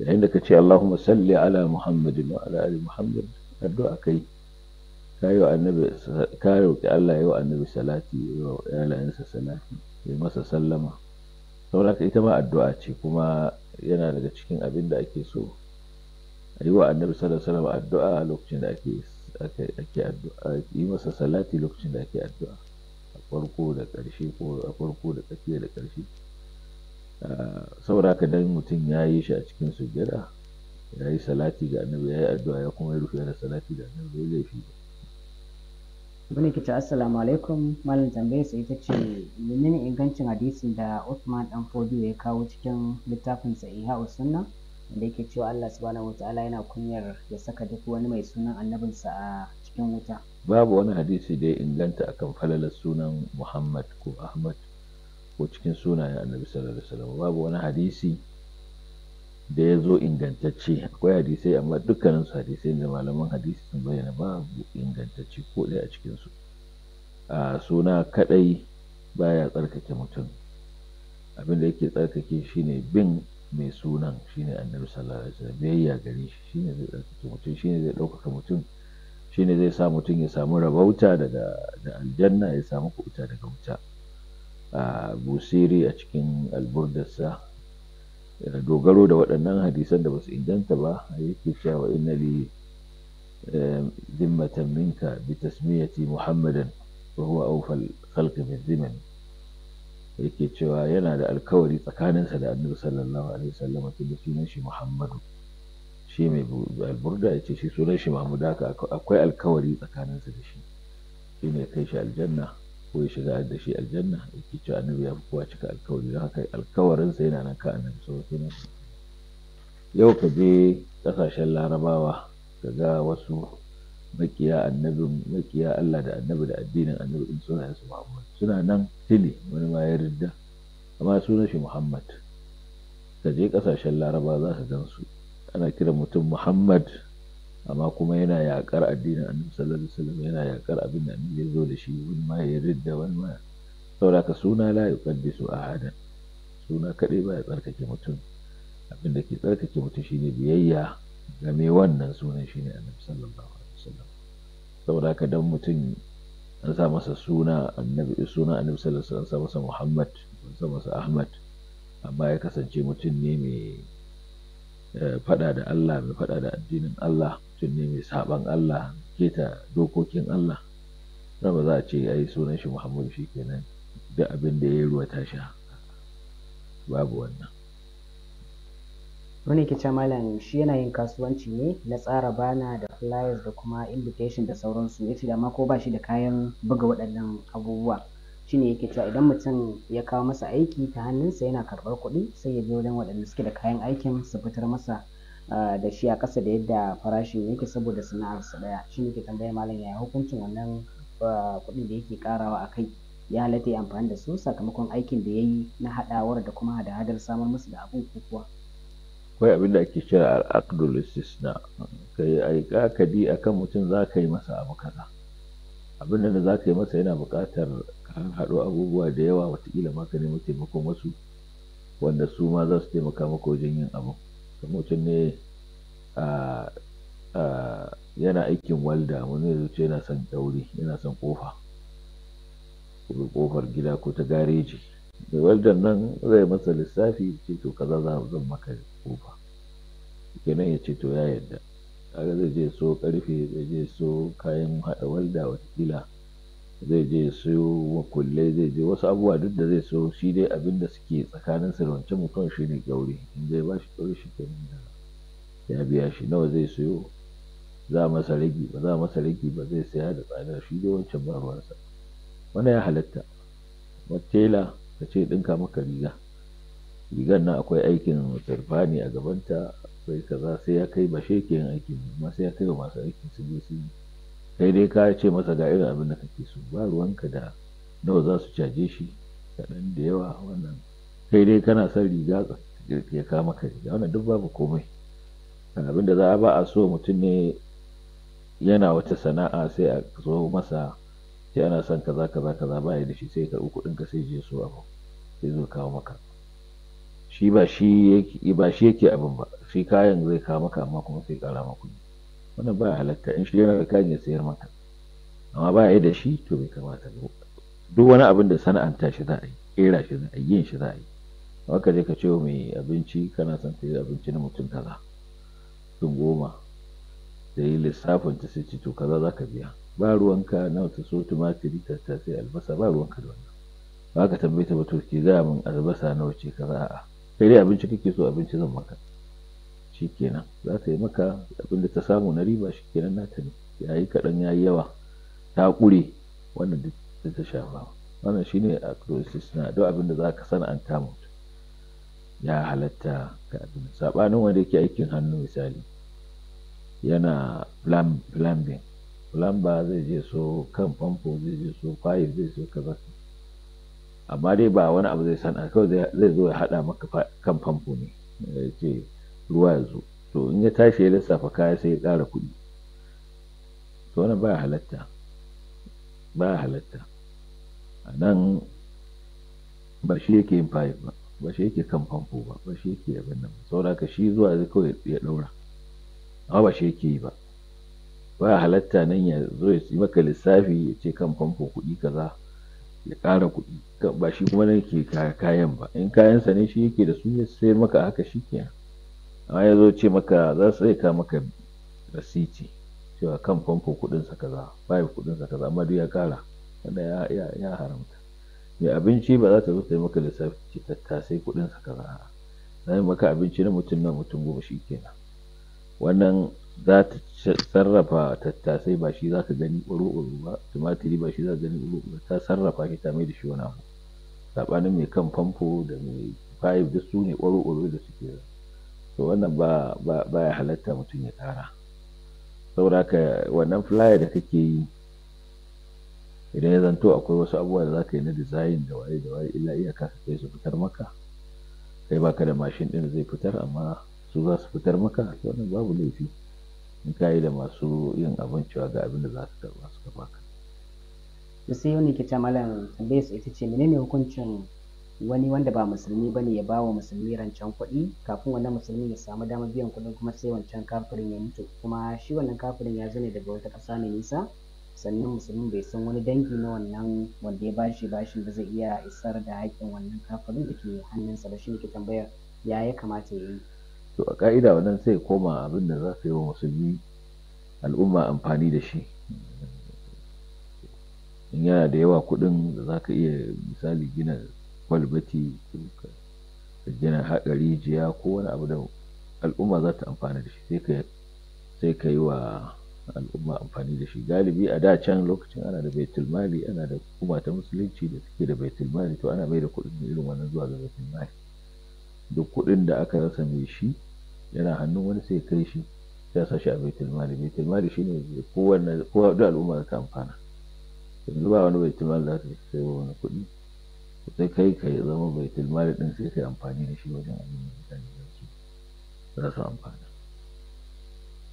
idan da ka ce Allahumma salli ala Muhammadin wa ala ali Muhammad addu'a kai ka yi wa annabi kayo ki Allah ya annabi salati ya wa iyalansa salati ya masa sallama saboda ita ma addu'a ce kuma yana daga cikin abin da ake so a yi wa annabi sallallahu alaihi wasallam addu'a lokacin da ake ake addu'a yi masa salati lokacin da ake addu'a a farko da karshe ko a farko da tsakiya da sauraka dan mutum ya yi shi a cikin sujjada ya yi salati ga annabi ya yi addu'a ya kuma yi rufe da salati ga annabi zai laifi ba wani kici assalamu alaikum malam tambayar sai ita ce menene ingancin hadisin da Uthman dan fodi ya kawo cikin littafin Sahiha Sunna da yake cewa Allah subhanahu wataala yana kunyar ya saka duk wani mai sunan annabinsa a cikin wuta babu wani hadisi da ya inganta akan falalar sunan Muhammad ko Ahmad ko cikin sunayen annabi sallallahu alaihi wasallam babu wani hadisi da ya zo ingantacce akwai hadisai amma dukkanin su hadisai da malaman hadisi sun bayyana babu ingantacce ko ɗaya a cikin su a suna kadai baya tsarkake mutum abin da yake tsarkake shine bin mai sunan shine annabi sallallahu alaihi wasallam biyayya gare shi shine zai tsarkake mutum shine zai ɗaukaka mutum shine zai sa mutum ya samu rabauta daga da aljanna ya samu kuɓuta daga wuta busiri a cikin alburdarsa dogaro da waɗannan hadisan da basu inganta ba yake cewa inna li eh, zimmatan minka bi tasmiyati muhammadan wa huwa awfal khalqi min ziman yake cewa yana da alkawari tsakaninsa da annabi sallallahu alaihi wasallam da sunan shi muhammadu shi mai alburda ya ce shi sunan shi mahmud haka akwai alkawari tsakaninsa da shi shine kai shi aljanna ko ya shiga da shi aljanna yake cewa annabi ya fi kowa cika alkawari don haka alkawarin sa yana nan ka annabi yau ka je ƙasashen larabawa ka ga wasu makiya annabin makiya Allah da annabi da addinin annabi din sunayen su Muhammad suna nan tili wani ma ya ridda amma sunan shi Muhammad ka je kasashen larabawa za ka gan su ana kiran mutum Muhammad amma kuma yana yakar addinin annabi sallallahu alaihi wasallam yana yakar abin da annabi ya zo da shi wani ma ya ridda wani ma saboda ka suna la yuqaddisu ahadan suna kadai ba ya tsarkake mutum abin da ke tsarkake mutum shine biyayya ga me wannan sunan shine annabi sallallahu alaihi wasallam saboda ka dan mutum an sa masa suna annabi suna annabi sallallahu alaihi wasallam an sa masa Muhammad an sa masa Ahmad amma ya kasance mutum ne mai Eh, faɗa da Allah mai faɗa da addinin Allah tunne mai saban Allah keta dokokin Allah na ba za a ce ai sunan shi Muhammadu shi kenan da abin da ya ruwa ta sha babu wannan wani ke malam shi yana yin kasuwanci ne na tsara bana da flyers da kuma invitation da sauransu ya ce da ma ko ba shi da kayan buga waɗannan abubuwa shine yake cewa idan mutum ya kawo masa aiki ta hannunsa yana karɓar kuɗi sai ya je wajen waɗanda suke da kayan aikin su fitar masa da shi a ƙasa da yadda farashin yake saboda sana'ar ɗaya shi ne ke tambaya malam yaya hukuncin wannan kuɗin da yake karawa a kai ya halatta ya amfani da su sakamakon aikin da ya yi na haɗawar da kuma hada-hadar samar musu da abin kukuwa. kuwa. akwai abin da ake cewa al'aqdul istisna kai aika a akan mutum za ka yi masa abu kaza abin da za ka yi masa yana buƙatar an haɗo abubuwa da yawa watakila ma ka nemi taimakon wasu wanda su ma za su taimaka maka wajen yin abu mutum ne yana aikin walda wani ya ce yana son ɗauri yana son ƙofa ko ƙofar gida ko ta gareji da waldan nan zai masa lissafi ce to kaza za zan maka ƙofa kenan ya ce to ya yadda kaga zai je so karfe zai je so kayan haɗa walda watakila zai je siyo makullai zai je wasu abubuwa duk da zai siyo shi dai abin da suke tsakanin sa da wancan mutum shi ne gauri in zai ba shi gauri shi kenan ya biya shi nawa zai siyo za masa rigi ba za masa rigi ba zai saya da tsadar shi dai wancan ba ruwansa wannan ya halatta matela ka ce ɗinka maka riga rigar nan akwai aikin turbani a gabanta akwai kaza sai ya kai ba shi yake yin aikin amma sai ya kai ba masu aikin su je su yi sai dai ka ce masa ga irin abin da kake so ba ruwanka da nawa za su caje shi kaɗan da yawa wannan kai dai kana son riga ya kama maka riga wannan duk babu komai abin da za a ba a so mutum ne yana wata sana'a sai a zo masa sai ana son kaza kaza kaza ba ya da shi sai ka kuɗin ka sai je so abu sai zo kawo maka shi yake ba shi yake abin ba shi kayan zai kawo maka amma kuma sai kara maka kuɗi wannan ba halatta in shi yana da kayan ya sayar maka amma ba ya da shi to bai kamata ba duk wani abin da sana'anta shi za a yi kera shi za a yin shi za a yi amma ka je ka ce mai abinci kana son ta yi abinci na mutum kaza Sun goma da yi lissafin ta sai to kaza za ka biya ba ruwanka na wata so tumatiri tattasai albasa ba ruwanka da wannan ba ka tambaye ta ba to ke gaya min albasa nawa ce kaza a'a sai dai abinci kake so abinci zan maka shikenan za ta yi maka abin da ta samu na riba shikenan nata ne yayi kaɗan ya yi yawa ta ƙure wannan duk ta shafa wannan shine acrosis na duk abin da za ka sana'anta mutum ya halatta ga abin saɓanin wanda yake aikin hannu misali yana plumbing lamba zai je so kan famfo zai je so kwayi zai so kaza amma dai ba wani abu zai sana kawai zai zo ya haɗa maka kan famfo ne ya ce ruwa ya zo to in ya tashi ya lissafa kaya sai ya ƙara kuɗi to wannan ba halatta ba halatta a nan ba shi yake yin fayi ba ba shi yake kan famfo ba ba shi yake abin nan saboda ka shi zuwa zai kawai ya ɗaura amma ba shi yake yi ba ba halatta nan ya zo ya yi maka lissafi ya ce kan famfo kuɗi kaza ya ƙara kuɗi ba shi kuma ne ke kayan ba in kayansa ne shi yake da su ya sayar maka haka shi kenan amma ya zo ce maka za su iya ka maka rasiti cewa kan famfo sa kaza bayan sa kaza amma duk ya kara wanda ya haramta mai abinci ba za ta zo ta yi maka lissafi ce tattasai sa kaza na yi maka abinci na mutum na mutum goma shi kenan wannan za ta sarrafa tattasai ba shi za ka gani ɓuru-ɓuru ba tumatiri ba shi za ka gani ɓuru-ɓuru ta sarrafa shi ta mai da shi wani abu saɓanin mai kan famfo da mai fayif da su ne ɓuru-ɓuru da suke to wannan ba ba ya halatta mutum ya ƙara saboda ka wannan flyer da kake yi idan ya zanto akwai wasu abubuwa da za ka yi na design da waye da waye illa iyaka kasa kai su fitar maka kai baka da mashin din zai fitar amma su za su fitar maka to wannan babu laifi in ka yi da masu yin abin cewa ga abin da za su karba su ka baka sai wani ke ta malam tambayar ita ce menene hukuncin wani wanda ba musulmi bane ya bawa musulmi rancen kuɗi kafin wannan musulmi ya samu damar biyan kuɗin kuma sai wancan kafirin ya mutu kuma shi wannan kafirin ya zo ne daga wata ƙasa mai nisa sannan musulmi bai san wani dangi na wannan wanda ya bashi bashin da zai iya isar da haƙƙin wannan kafirin da ke hannunsa ba shi ne ke tambayar ya ya kamata ya yi to a ka'ida wannan sai koma abin da za su yi wa musulmi al'umma amfani da shi in yana da yawa kuɗin da za ka iya misali gina kwalbati ka gina haɗa rijiya ko wani abu da al'umma za ta amfana da shi sai ka yi wa al'umma amfani da shi galibi a da can lokacin ana da baitul mali ana da kuma ta musulunci da suke da baitul mali to ana mai da kuɗin irin wannan zuwa ga baitul mali duk kuɗin da aka rasa mai shi yana hannun wani sai kai shi sai sa shi a baitul mali baitul mali shine kowanne kowa da al'umma ta amfana yanzu ba wani baitul mali za ta sai wani kuɗi sai kai ka zama bai tilmari din sai kai amfani da shi wajen abin da mutane za su amfani.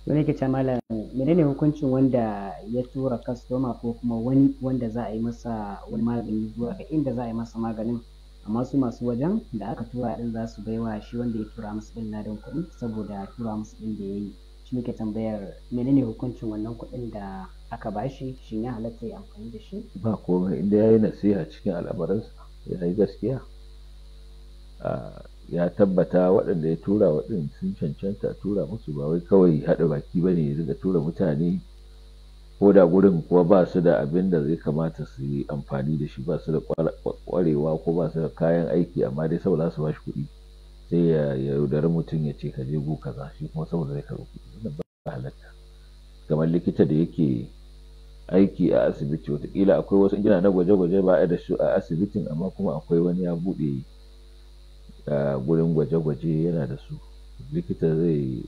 wani yake ce mene ne hukuncin wanda ya tura kastoma ko kuma wani wanda za a yi masa wani magani zuwa ga inda za a yi masa maganin amma su masu wajen da aka tura din za su baiwa shi wanda ya tura musu din ladan kuɗi saboda tura musu din da ya yi shi ne ke tambayar ne hukuncin wannan kuɗin da aka bashi shi ya halatta ya amfani da shi ba komai inda ya yi nasiha cikin al'amuransa ya yi gaskiya ya tabbata waɗanda ya tura waɗin sun cancanta tura musu ba wai kawai haɗa baki ba ne daga tura mutane ko da gurin kuwa ba su da abin da zai kamata su yi amfani da shi ba su da ƙwarewa ko ba su da kayan aiki amma dai saboda su ba shi kuɗi sai ya yaudari mutum ya ce ka je gu kaza shi kuma saboda zai karɓi kuɗi wannan ba halatta kamar likita da yake aiki a asibiti watakila akwai wasu injina na gwaje-gwaje ba a da su a asibitin amma kuma akwai wani ya buɗe gurin gwaje-gwaje yana da su likita zai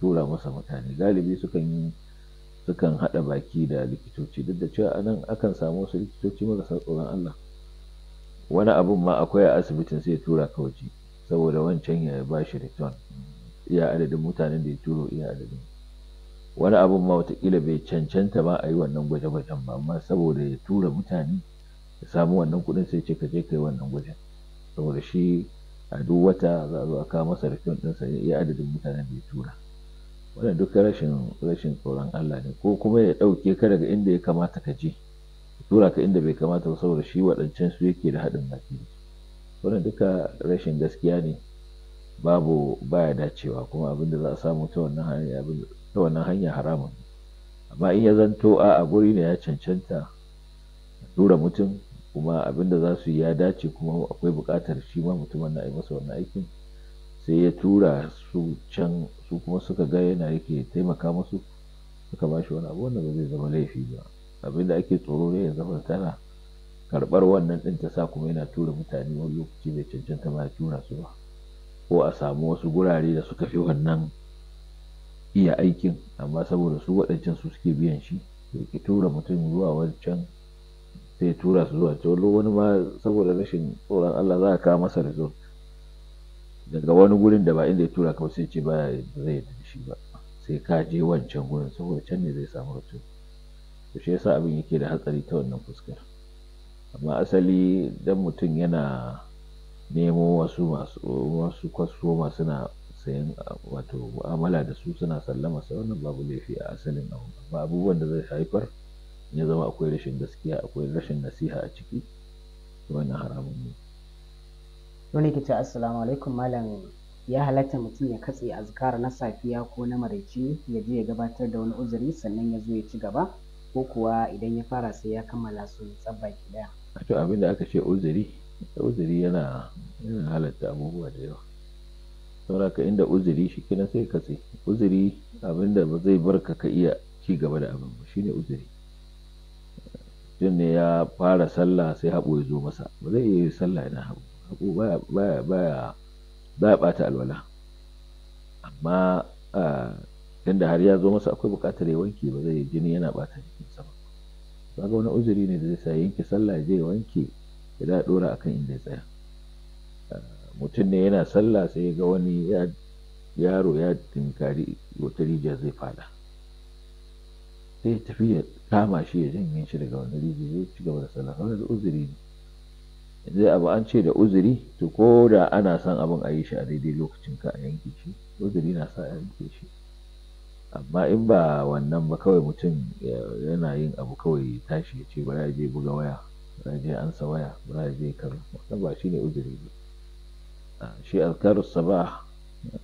tura masa mutane galibi sukan yi sukan haɗa baki da likitoci duk da cewa anan akan samu wasu likitoci marasa tsoron Allah wani abun ma akwai a asibitin sai ya tura ka waje saboda wancan ya ba shi return iya adadin mutanen da ya turo iya adadin wani abun ma watakila bai cancanta ba a yi wannan gwaje-gwajen ba amma saboda ya tura mutane ya samu wannan kuɗin sai ce ka je ka yi wannan gwajin. saboda shi a duk wata za a zo a kawo masa rikin ɗinsa ya adadin mutane da ya tura wannan duk rashin rashin tsoron Allah ne ko kuma ya ɗauke ka daga inda ya kamata ka je tura ka inda bai kamata ba saboda shi waɗancan su yake da haɗin baki wannan duka rashin gaskiya ne babu baya dacewa kuma abin za a samu ta wannan hanyar ta wannan hanya haramun amma in ya zanto a a guri ne ya cancanta tura mutum kuma abin da za su yi ya dace kuma akwai buƙatar shi ma mutumin na yi masa wannan aikin sai ya tura su can su kuma suka ga yana yake taimaka musu suka ba shi wani abu wanda ba zai zama laifi ba abinda ake tsoro ne ya zama tana karɓar wannan ɗin ta sa kuma yana tura mutane wani lokaci bai cancanta ba ya tura su ba ko a samu wasu gurare da suka fi wannan iya aikin amma saboda su waɗancan su suke biyan shi ke tura mutum zuwa wancan sai tura su zuwa can wani ma saboda rashin tsoron Allah za a kawo masa result daga wani gurin da ba inda ya tura ka sai ce ba zai yi shi ba sai ka je wancan gurin saboda can ne zai samu result to shi yasa abin yake da hatsari ta wannan fuskar amma asali dan mutum yana nemo wasu masu wasu masu suna sayan wato mu'amala da su suna sallama sauran wannan babu laifi a asalin abu amma abubuwan da zai haifar ya zama akwai rashin gaskiya akwai rashin nasiha a ciki wannan haramun ne wani ke ce assalamu alaikum malam ya halatta mutum ya katse azkar na safiya ko na maraice ya je ya gabatar da wani uzuri sannan ya zo ya ci gaba ko kuwa idan ya fara sai ya kammala su tsabbaki daya to abin da aka ce uzuri uzuri yana yana halatta abubuwa da yawa saboda ka inda uzuri shi kenan sai ka sai uzuri abinda ba zai barka ka iya ci gaba da abin ba shine uzuri mutum ne ya fara sallah sai haɓo ya zo masa ba zai iya sallah yana haɓo haɓo baya baya baya ɓata alwala amma tunda har ya zo masa akwai buƙatar ya wanke ba zai jini yana jikin sa ba kaga wani uzuri ne da zai sa yanke sallah ya je ya wanke ya da dora akan inda ya tsaya mutum ne yana sallah sai ga wani yaro ya tinkari wata rijiya zai fada sai tafi ya kama shi ya janye shi daga wani rijiya ya ci gaba da sallah wani da uzuri ne zai abu an ce da uzuri to ko da ana son abin a yi shi a daidai lokacin ka a yanke shi uzuri na sa a yanke shi amma in ba wannan ba kawai mutum yana yin abu kawai tashi ya ce za ya je buga waya za ya je ansa waya za ya je kaza wannan ba ne uzuri ba shi azkarus sabah eh,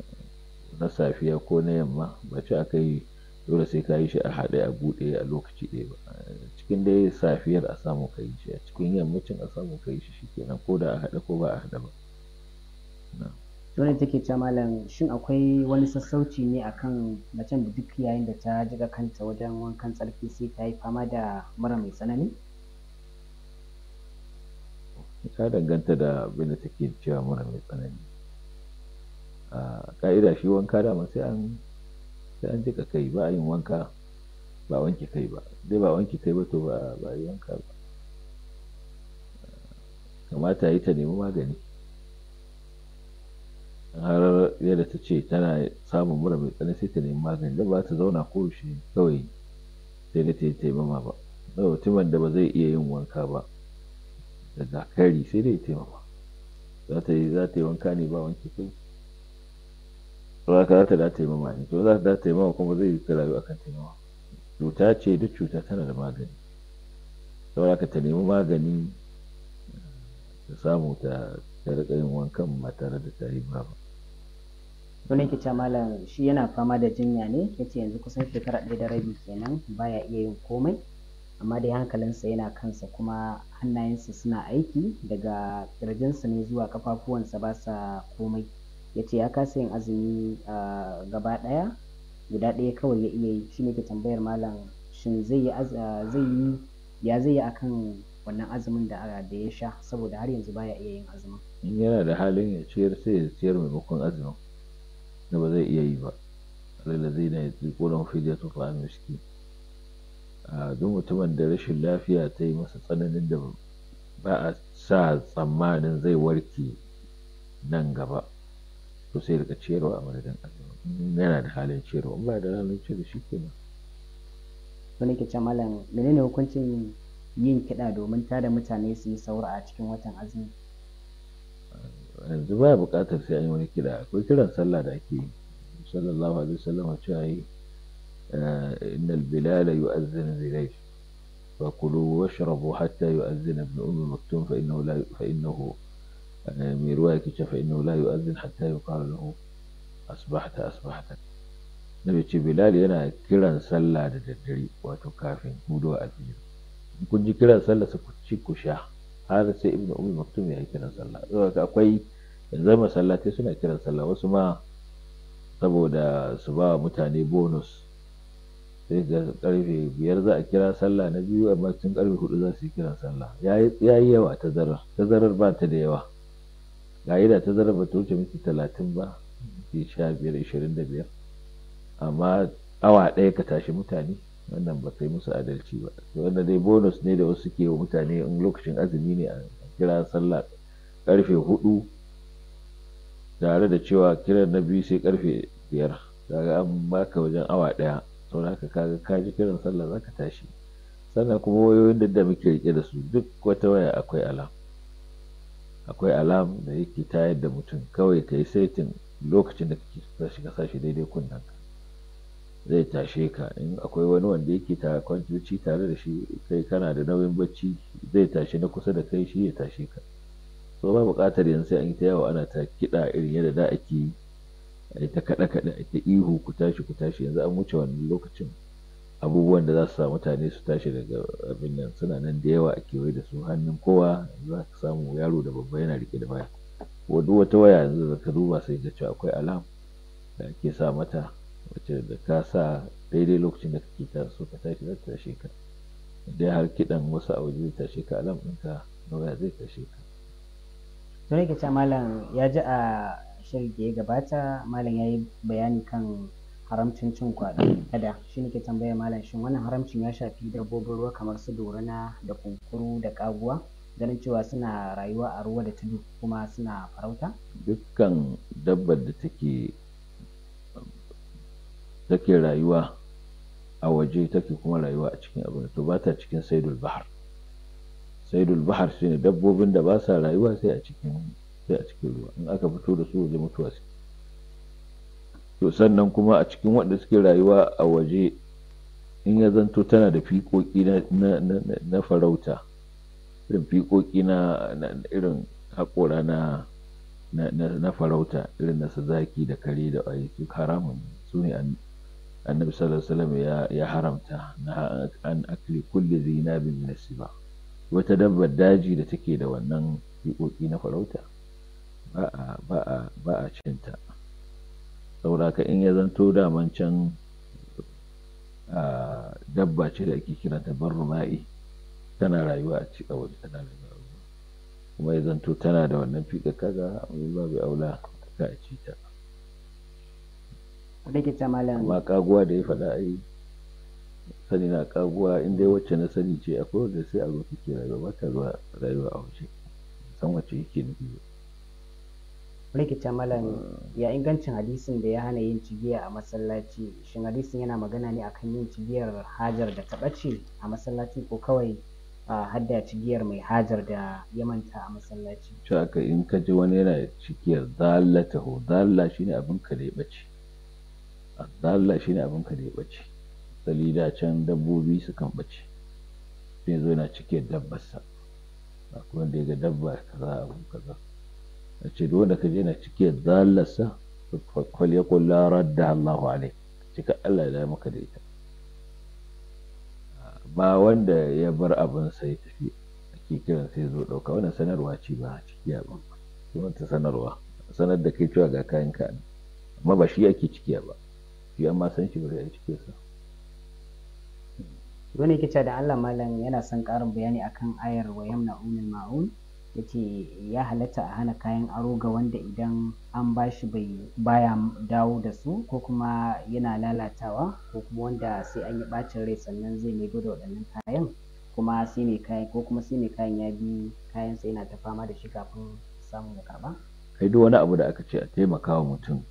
na safiya ko na yamma ba ci aka yi dole sai ka yi shi a haɗe a buɗe a lokaci ɗaya ba eh, cikin dai safiyar a samu ka yi shi a cikin yammacin a samu ka yi shi shikenan ko da a haɗe ko ba a haɗe ba to take ce malam shin akwai wani sassauci ne akan macen da duk yayin da ta jiga kanta wajen wankan tsarki sai ta yi fama da mura mai tsanani ya danganta da abinda da take cewa mura mai tsanani a ka'ida shi wanka dama sai an sai an jika kai ba a yin wanka ba wanke kai ba dai ba wanke kai ba to ba ba yi wanka ba kamata yi ta nemi magani har yadda ta ce tana samun mura mai tsanani sai ta nemi magani da ba ta zauna ko shi kawai sai da ta yi taimama ba mutumin da ba zai iya yin wanka ba daga kari sai dai taimama za ta yi za ta yi wanka ne ba wanke kai to haka za ta da taimama ne to za ta da taimama kuma zai yi ta rayu akan taimama cuta ce duk cuta tana da magani to haka ta nemi magani ta samu ta ta riƙa yin wankan ba tare da ta yi ba wani ke ce malam shi yana fama da jinya ne yace yanzu kusan shekara ɗaya da rabi kenan baya iya yin komai amma dai hankalinsa yana kansa kuma hannayensa suna aiki daga ƙirjinsa ne zuwa kafafuwansa ba sa komai ya ce ya kasa yin azumi gaba ɗaya guda ɗaya kawai ya iya yi shi ne ke tambayar malam shin zai yi ya zai yi akan wannan azumin da da ya sha saboda har yanzu baya iya yin azumin in yana da halin ya ciyar sai ya ciyar maimakon azumin da ba zai iya yi ba alalazi na ya tsiko don fidya tufa miski duk mutumin da rashin lafiya ta yi masa tsananin da ba a sa tsammanin zai warke nan gaba to sai rika ciyarwa a madadin azumi yana da halin ciyarwa ba da halin ciyarwa shi ke nan. wani ke can malam menene hukuncin yin kiɗa domin tada mutane su yi saura a cikin watan azumi yanzu ba buƙatar sai an yi wani kiɗa akwai kiran sallah da ake yi sallallahu alaihi wasallam cewa yi آه، إن البلال يؤذن ذليل فكلوا واشربوا حتى يؤذن ابن أم مكتوم فإنه لا فإنه آه، من رواية كتشا فإنه لا يؤذن حتى يقال له أصبحت أصبحت نبي تشي بلال ينا كيران سلا دجري واتو كافين مدوى أذين كنت كيران سلا سكتشي كشا هذا سي ابن أم مكتوم يعني كيران سلا أكوي زما سلا تسنا كيران سلا وسما سبو دا سبا متاني بونس sai ga karfe biyar za a kira sallah na biyu amma cikin karfe hudu za su yi kiran sallah ya yi yawa tazarar tazarar ba ta da yawa ga yi da tazarar ba ta wuce miki talatin ba minti sha biyar ashirin da biyar amma awa ɗaya ka tashi mutane wannan ba kai musu adalci ba wannan dai bonus ne da wasu ke mutane in lokacin azumi ne a kira sallah karfe hudu tare da cewa kiran na biyu sai karfe biyar daga an baka wajen awa ɗaya saboda haka kaga ka ji kiran sallah za ka tashi sannan kuma wayoyin da da muke rike da su duk wata waya akwai alam akwai alam da yake tayar da mutum kawai ka yi saitin lokacin da kake shiga sashi daidai kunnen zai tashe ka in akwai wani wanda yake ta kwanciyoci tare da shi kai kana da nauyin bacci zai tashi na kusa da kai shi ya tashe ka so ba buƙatar yanzu sai an yi ta yawa ana ta kiɗa irin yadda da ake yi ai ta kaɗe kaɗe ta ihu ku tashi ku tashi yanzu an wuce wannan lokacin abubuwan da za su sa mutane su tashi daga abin nan suna nan da yawa a kewaye da su hannun kowa za ka samu yaro da babba yana rike da baya wadda wata waya yanzu da ka duba sai ka ce akwai alam da ake sa mata wacce da ka sa daidai lokacin da kake ta so ka tashi za ta tashe ka dai har kidan wasu a waje zai tashe ka alam ɗinka na waya zai tashe ka. Sai ka ce malam ya ji a shirin da ya gabata malam ya yi bayani kan haramcin cin kada shi ne ke tambaya malam shi wannan haramcin ya shafi dabbobin ruwa kamar su dorana da kunkuru da kaguwa ganin cewa suna rayuwa a ruwa da tudu kuma suna farauta dukkan dabbar da take rayuwa a waje take kuma rayuwa a cikin abin to ba ta cikin saidul bahar saidul bahar shine dabbobin da ba sa rayuwa sai a cikin sai a cikin ruwa in aka fito da su waje mutuwa suke to sannan kuma a cikin wanda suke rayuwa a waje in ya zanto tana da fiƙoƙi na farauta irin fiƙoƙi na irin haƙora na farauta irin na su da kare da waye su haramun su ne annabi sallallahu alaihi ya haramta na an akli kulli zinabin nasiba wata dabbar daji da take da wannan fiƙoƙi na farauta ba a ba'a a ba cinta saboda ka in ya zanto daman can dabba ce da ake kira kiranta barruma'i tana rayuwa a cikin waje tana rayuwa kuma ya zanto tana da wannan fiƙa kaga mai babu aula ka a ci ta amma kaguwa da ya faɗa a yi sani na kaguwa inda ya wacce na sani ce akwai wanda sai a zo ke rayuwa ba ta zuwa rayuwa a waje san wacce yake nufi ba rikita malam ya ingancin hadisin da ya hana yin cigiya a masallaci shin hadisin yana magana ne akan yin cigiyar hajar da ta ɓace a masallaci ko kawai hadda cibiyar mai hajar da ya manta a masallaci to aka in ka ji wani yana cikiyar, dallata ho dalla shine abin ka da ya ɓace dalla shine abin ka da ya ɓace dalila can dabbobi kan ɓace sai zo yana cigiyar dabbarsa akwai wanda ya ga dabbar kaza abu kaza a ce duk wanda ka je na cike dalarsa fal ya kulla radda Allahu alai cika Allah ya maka da ita ba wanda ya bar abin sai tafi ake kiran sai zo dauka wannan sanarwa ce ba ciki ba kuma ta sanarwa sanar da kai cewa ga kayan ka amma ba shi yake ciki ba shi amma san shi ba zai cike sa wani kice da Allah malam yana son karin bayani akan ayar wa yamna ulul ma'un yake ya halatta a hana kayan aro ga wanda idan an bashi bai baya dawo da su ko kuma yana lalatawa ko kuma wanda sai an yi ɓacin rai sannan zai maido da waɗannan kayan kuma sai mai kayan ko kuma sai mai kayan ya bi kayan sai yana ta fama da shi kafin samun ya karɓa. kai duk wani abu da aka ce a taimaka wa mutum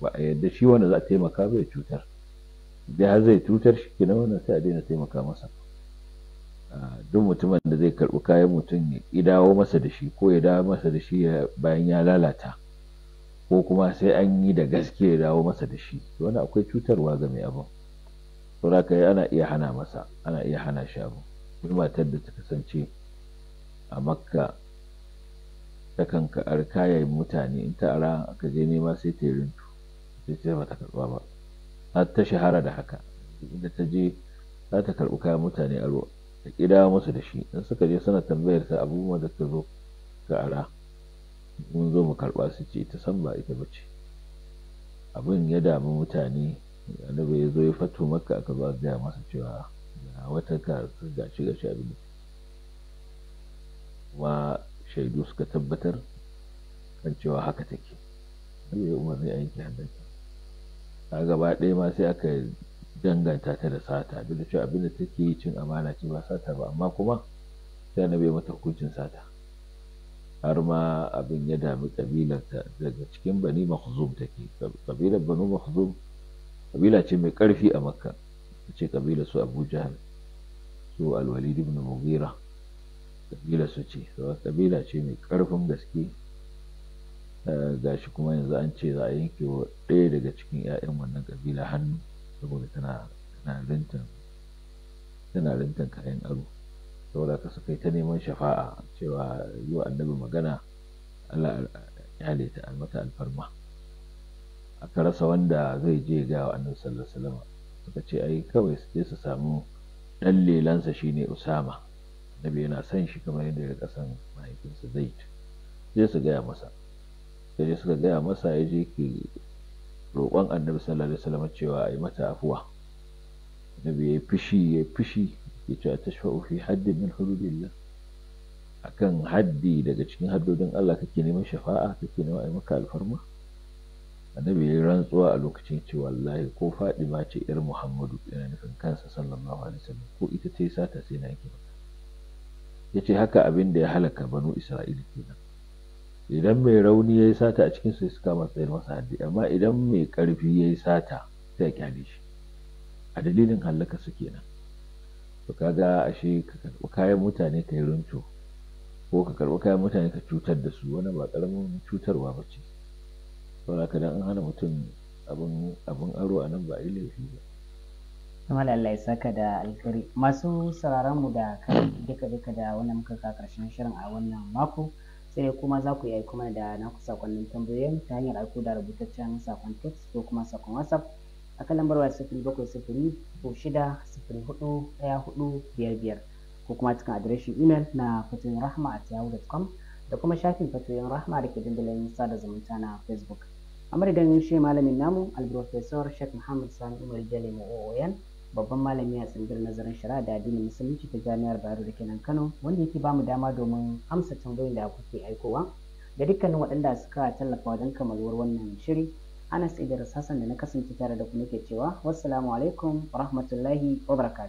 ba a yadda shi wanda za a taimaka bai cutar da har zai cutar shi kenan wannan sai a daina taimaka masa Ah, duk mutumin da zai karɓi kayan mutum ya dawo masa da shi ko ya dawo masa da shi bayan ya lalata ko kuma sai an yi da gaske ya dawo masa da shi wani akwai cutarwa ga mai abin sauraka ana iya hana masa ana iya hana shi abu duk matar da ta kasance a makka ta kanka arkayayin mutane in ta ara aka je nema sai ta yi rintu sai ta ba ta karɓa ba har ta shahara da haka inda ta je za ta karɓi kayan mutane a ruwa da kira masa da shi in suka je suna tambayar ta abubuwan da ta zo ga ara mun zo mu karɓa su ce ta san ba ita ba abin ya damu mutane annabi ya zo ya fato maka aka zo a gaya masa cewa ga wata ka gashi gashi a da kuma shaidu suka tabbatar kan cewa haka take annabi ya umarni a yanke hannunta a gaba ɗaya ma sai aka danganta ta da sata duk da cewa abinda da take yi cin amana ce ba sata ba amma kuma sai na bai mata hukuncin sata har ma abin ya dami kabilar daga cikin bani mahzum take kabilar banu mahzum kabila ce mai karfi a makka ce kabilar su abu jahal su alwalid ibn mughira kabila su ce kabila ce mai karfin gaske eh, gashi kuma yanzu an ce za a yanke wa ɗaya daga cikin 'ya'yan wannan kabila hannu saboda tana tana rintan tana rintan kayan aro saboda ka suka ta neman shafa'a cewa yi wa annabi magana Allah ya ta a mata alfarma aka rasa wanda zai je ga wa annabi sallallahu alaihi wasallam suka ce ai kawai su je su samu dan lelansa shine Usama annabi yana son shi kamar yadda ya kasan mahaifinsa Zaid sai su gaya masa sai suka gaya masa ya je ke roƙon annabi sallallahu alaihi wasallam cewa a yi mata afuwa annabi ya yi fishi ya fishi ya ce a tashfa'u fi haddin min hududillah akan haddi daga cikin haddodin Allah kake neman shafa'a kake neman ai maka alfarma annabi ya rantsuwa a lokacin ce wallahi ko ma ce yar Muhammadu yana nufin kansa sallallahu alaihi wasallam ko ita ce sata sai na yake yace haka abin da ya halaka banu Isra'ila kenan idan mai rauni ya yi sata a cikin su kama tsayar masa hadi amma idan mai karfi ya yi sata sai ya kyale shi a dalilin halaka su kenan to kaga ashe ka karɓi kayan mutane ka yi runto ko ka karɓi kayan mutane ka cutar da su wani ba ƙaramin cutarwa ba ce saboda ka dan an hana mutum abin aro a nan ba a yi laifi ba kamar Allah ya saka da alkhairi masu sauraron mu da kai duka duka da wannan muka ka karshen shirin a wannan mako sai kuma za ku yi kuma mana da naku sakonnin tambayoyin ta hanyar aiko da rubutaccen sakon text ko kuma sakon whatsapp a kan lambar waya sifiri bakwai sifiri ko shida sifiri hudu ɗaya hudu biyar biyar ko kuma cikin adireshin imel na fatoyin rahma at yahoo.com da kuma shafin fatoyin rahma da ke dandalin sada zumunta na facebook a madadin shi malamin namu alprofesor sheikh muhammad sani umar jalimu oyan babban malami a tsangiyar nazarin shari'a da addinin musulunci ta jami'ar bayero da kenan kano wanda yake bamu dama domin amsa tambayoyin da kuke aikowa da dukkanin waɗanda suka tallafa wajen kamaluwar wannan shiri ana idris sassan da na kasance tare da ku nake cewa wassalamu alaikum wa rahmatullahi wa barakatuh